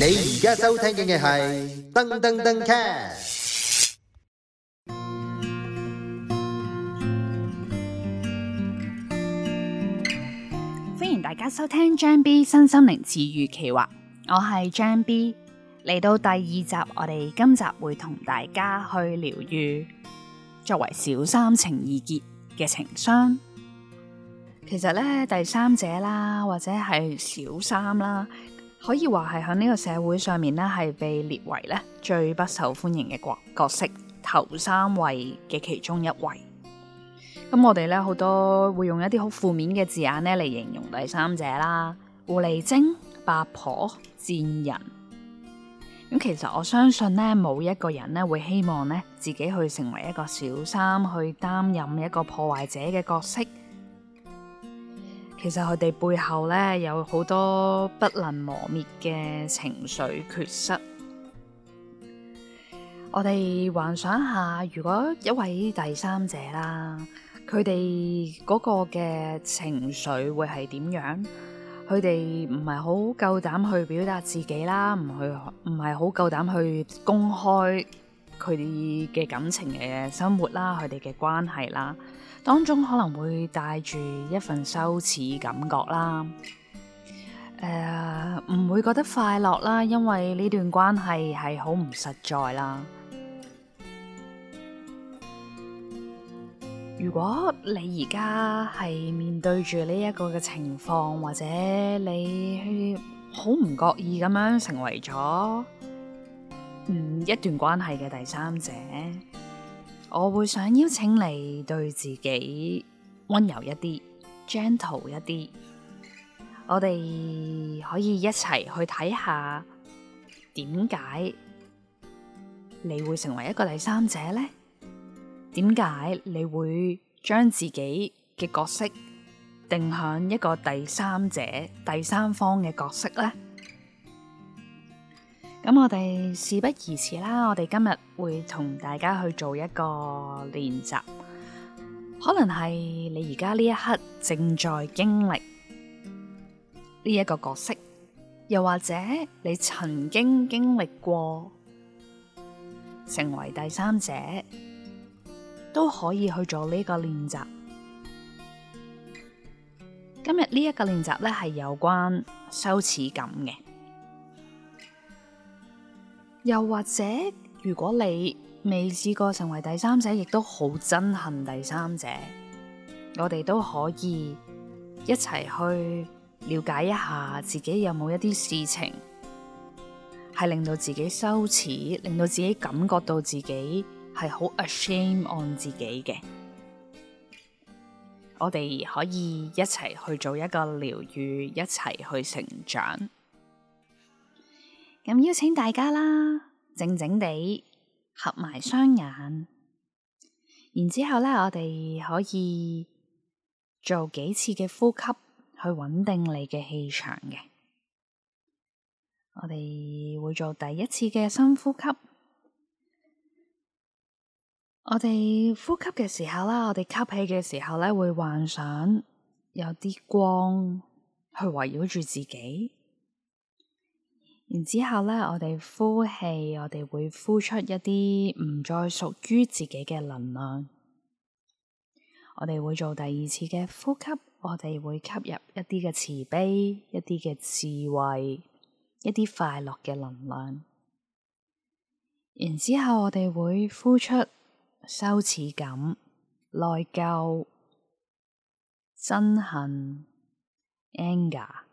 你而家收聽嘅係噔噔噔 cast，歡迎大家收聽張 B 新心靈治愈企劃，我係張 B，嚟到第二集，我哋今集會同大家去療愈作為小三情意結嘅情傷。其實咧，第三者啦，或者係小三啦。可以話係喺呢個社會上面呢，係被列為呢最不受歡迎嘅角角色頭三位嘅其中一位。咁我哋呢，好多會用一啲好負面嘅字眼呢嚟形容第三者啦，狐狸精、八婆、賤人。咁、嗯、其實我相信呢，冇一個人呢會希望呢自己去成為一個小三，去擔任一個破壞者嘅角色。其實佢哋背後咧，有好多不能磨滅嘅情緒缺失。我哋幻想下，如果一位第三者啦，佢哋嗰個嘅情緒會係點樣？佢哋唔係好夠膽去表達自己啦，唔去唔係好夠膽去公開佢哋嘅感情嘅生活啦，佢哋嘅關係啦，當中可能會帶住一份羞恥感覺啦，誒、呃、唔會覺得快樂啦，因為呢段關係係好唔實在啦。如果你而家係面對住呢一個嘅情況，或者你去好唔覺意咁樣成為咗。嗯，一段關係嘅第三者，我會想邀請你對自己温柔一啲，gentle 一啲。我哋可以一齊去睇下點解你會成為一個第三者呢？點解你會將自己嘅角色定向一個第三者、第三方嘅角色呢？咁我哋事不宜遲啦，我哋今日會同大家去做一個練習，可能係你而家呢一刻正在經歷呢一個角色，又或者你曾經經歷過成為第三者，都可以去做呢個練習。今日呢一個練習呢係有關羞恥感嘅。又或者，如果你未試過成為第三者，亦都好憎恨第三者，我哋都可以一齊去了解一下自己有冇一啲事情，係令到自己羞恥，令到自己感覺到自己係好 ashamed on 自己嘅。我哋可以一齊去做一個療愈，一齊去成長。咁邀請大家啦，靜靜地合埋雙眼，然之後咧，我哋可以做幾次嘅呼吸去穩定你嘅氣場嘅。我哋會做第一次嘅深呼吸。我哋呼吸嘅時候啦，我哋吸氣嘅時候咧，會幻想有啲光去圍繞住自己。然之後咧，我哋呼氣，我哋會呼出一啲唔再屬於自己嘅能量。我哋會做第二次嘅呼吸，我哋會吸入一啲嘅慈悲、一啲嘅智慧、一啲快樂嘅能量。然之後我哋會呼出羞恥感、內疚、憎恨、Anger。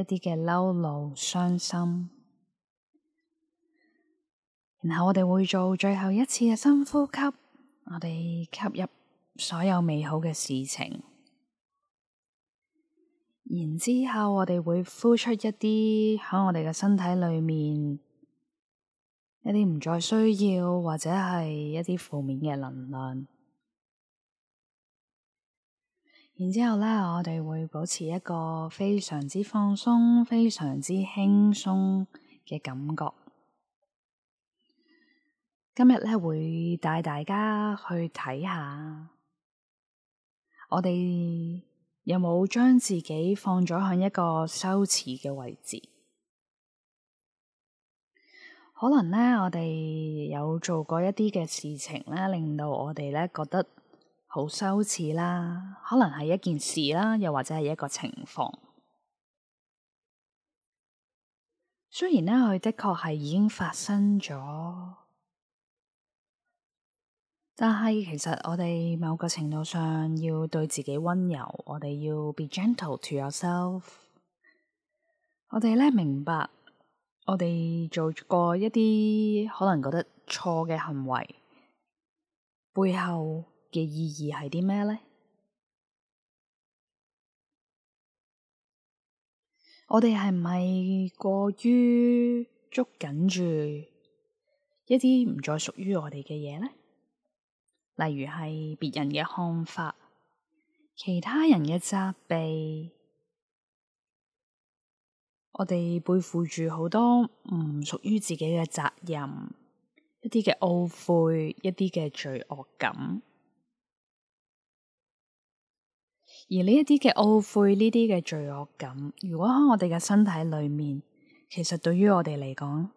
一啲嘅嬲怒、傷心，然後我哋會做最後一次嘅深呼吸，我哋吸入所有美好嘅事情，然之後我哋會呼出一啲喺我哋嘅身體裏面，一啲唔再需要，或者係一啲負面嘅能量。然之後咧，我哋會保持一個非常之放鬆、非常之輕鬆嘅感覺。今日咧會帶大家去睇下，我哋有冇將自己放咗喺一個羞恥嘅位置？可能咧，我哋有做過一啲嘅事情咧，令到我哋咧覺得。好羞恥啦，可能係一件事啦，又或者係一個情況。雖然呢，佢的確係已經發生咗，但係其實我哋某個程度上要對自己溫柔，我哋要 be gentle to yourself。我哋咧明白，我哋做過一啲可能覺得錯嘅行為，背後，嘅意義係啲咩呢？我哋係唔係過於捉緊住一啲唔再屬於我哋嘅嘢呢？例如係別人嘅看法，其他人嘅責備，我哋背負住好多唔屬於自己嘅責任，一啲嘅懊悔，一啲嘅罪惡感。而呢一啲嘅懊悔，呢啲嘅罪惡感，如果喺我哋嘅身體裏面，其實對於我哋嚟講，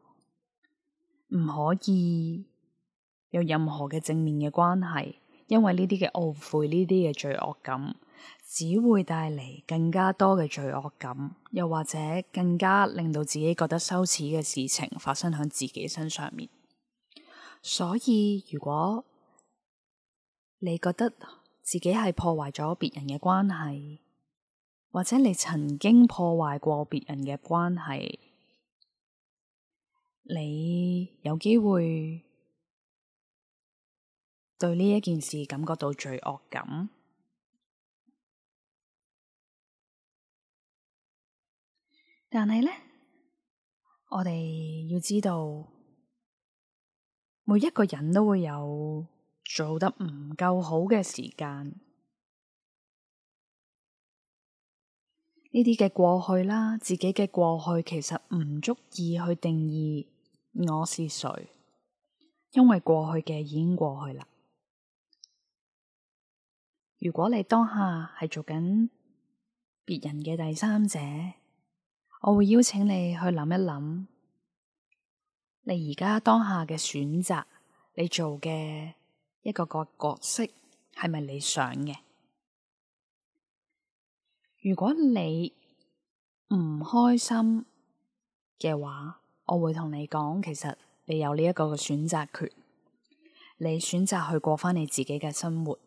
唔可以有任何嘅正面嘅關係，因為呢啲嘅懊悔，呢啲嘅罪惡感，只會帶嚟更加多嘅罪惡感，又或者更加令到自己覺得羞恥嘅事情發生喺自己身上面。所以，如果你覺得，自己係破壞咗別人嘅關係，或者你曾經破壞過別人嘅關係，你有機會對呢一件事感覺到罪惡感。但係咧，我哋要知道每一個人都會有。做得唔夠好嘅時間，呢啲嘅過去啦，自己嘅過去其實唔足以去定義我是誰，因為過去嘅已經過去啦。如果你當下係做緊別人嘅第三者，我會邀請你去諗一諗，你而家當下嘅選擇，你做嘅。一個個角色係咪你想嘅？如果你唔開心嘅話，我會同你講，其實你有呢一個嘅選擇權，你選擇去過翻你自己嘅生活，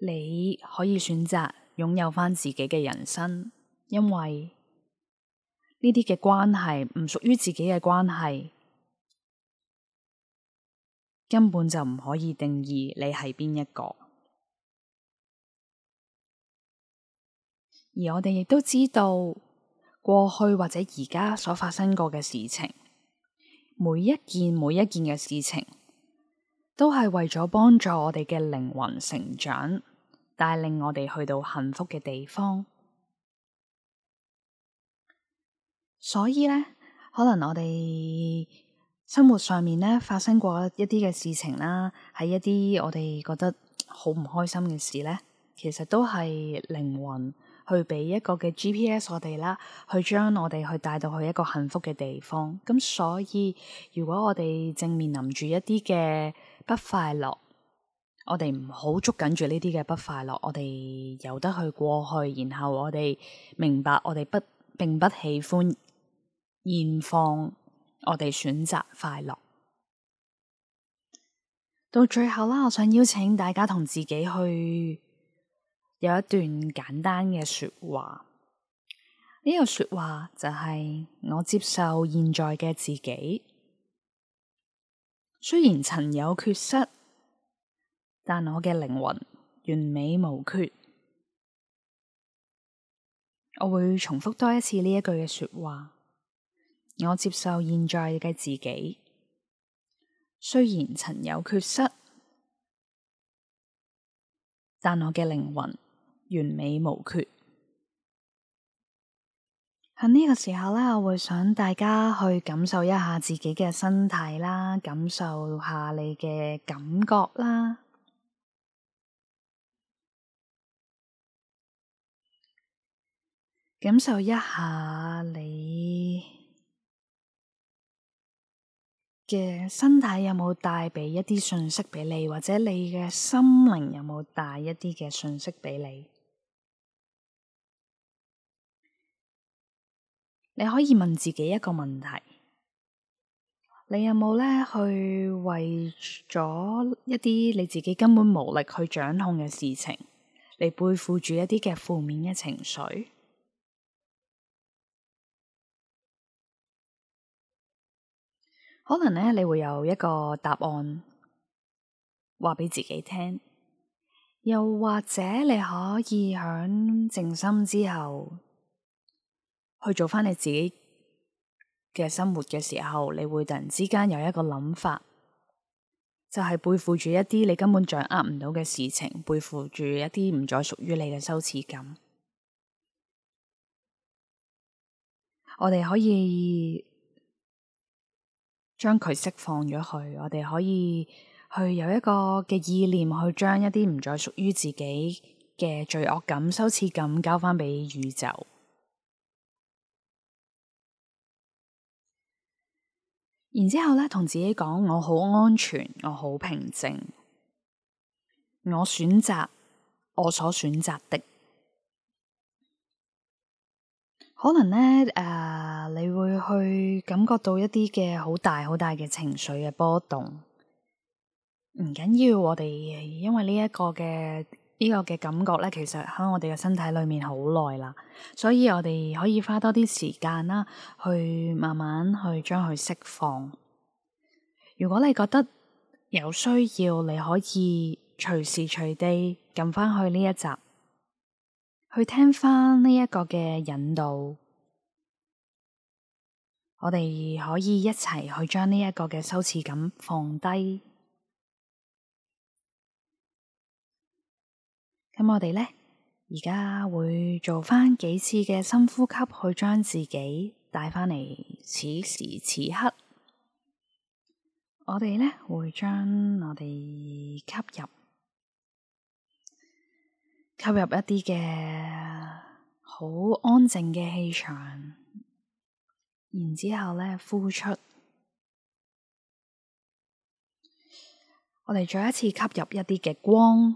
你可以選擇擁有翻自己嘅人生，因為呢啲嘅關係唔屬於自己嘅關係。根本就唔可以定義你係邊一個，而我哋亦都知道過去或者而家所發生過嘅事情，每一件每一件嘅事情，都係為咗幫助我哋嘅靈魂成長，帶領我哋去到幸福嘅地方。所以呢，可能我哋。生活上面咧發生過一啲嘅事情啦，喺一啲我哋覺得好唔開心嘅事咧，其實都係靈魂去俾一個嘅 GPS 我哋啦，去將我哋去帶到去一個幸福嘅地方。咁所以如果我哋正面臨住一啲嘅不快樂，我哋唔好捉緊住呢啲嘅不快樂，我哋由得去過去，然後我哋明白我哋不並不喜歡現況。我哋選擇快樂，到最後啦，我想邀請大家同自己去有一段簡單嘅說話。呢個說話就係我接受現在嘅自己，雖然曾有缺失，但我嘅靈魂完美無缺。我會重複多一次呢一句嘅說話。我接受現在嘅自己，雖然曾有缺失，但我嘅靈魂完美無缺。喺呢個時候咧，我會想大家去感受一下自己嘅身體啦，感受下你嘅感覺啦，感受一下你嘅身體有冇帶俾一啲信息俾你，或者你嘅心靈有冇帶一啲嘅信息俾你？你可以問自己一個問題：你有冇呢？去為咗一啲你自己根本無力去掌控嘅事情，嚟背負住一啲嘅負面嘅情緒？可能呢，你會有一個答案話俾自己聽，又或者你可以響靜心之後去做翻你自己嘅生活嘅時候，你會突然之間有一個諗法，就係背負住一啲你根本掌握唔到嘅事情，背負住一啲唔再屬於你嘅羞恥感。我哋可以。將佢釋放咗去，我哋可以去有一個嘅意念去將一啲唔再屬於自己嘅罪惡感、羞恥感交返畀宇宙。然之後咧，同自己講：我好安全，我好平靜，我選擇我所選擇的。可能呢，誒、uh，你會去感覺到一啲嘅好大好大嘅情緒嘅波動。唔緊要，我哋因為呢一個嘅呢個嘅感覺咧，其實喺我哋嘅身體裏面好耐啦，所以我哋可以花多啲時間啦，去慢慢去將佢釋放。如果你覺得有需要，你可以隨時隨地撳翻去呢一集。去聽翻呢一個嘅引導，我哋可以一齊去將呢一個嘅羞恥感放低。咁我哋咧而家會做翻幾次嘅深呼吸，去將自己帶翻嚟，此時此刻。我哋咧會將我哋吸入。吸入一啲嘅好安靜嘅氣場，然之後咧呼出，我哋再一次吸入一啲嘅光，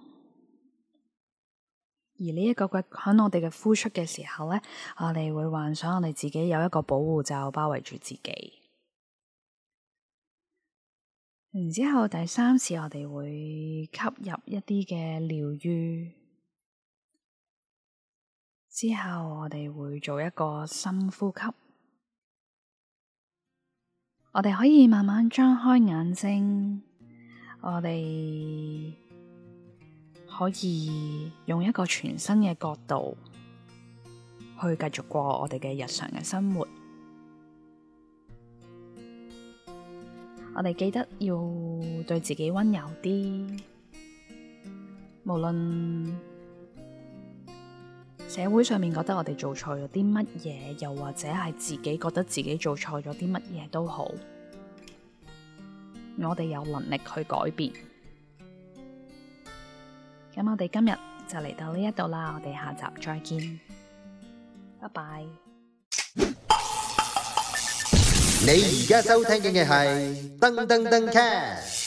而呢一個嘅喺我哋嘅呼出嘅時候咧，我哋會幻想我哋自己有一個保護罩包圍住自己，然之後第三次我哋會吸入一啲嘅療癒。之後我哋會做一個深呼吸，我哋可以慢慢張開眼睛，我哋可以用一個全新嘅角度去繼續過我哋嘅日常嘅生活。我哋記得要對自己温柔啲，無論，社會上面覺得我哋做錯咗啲乜嘢，又或者係自己覺得自己做錯咗啲乜嘢都好，我哋有能力去改變。咁我哋今日就嚟到呢一度啦，我哋下集再見，拜拜。你而家收聽緊嘅係噔噔噔 cat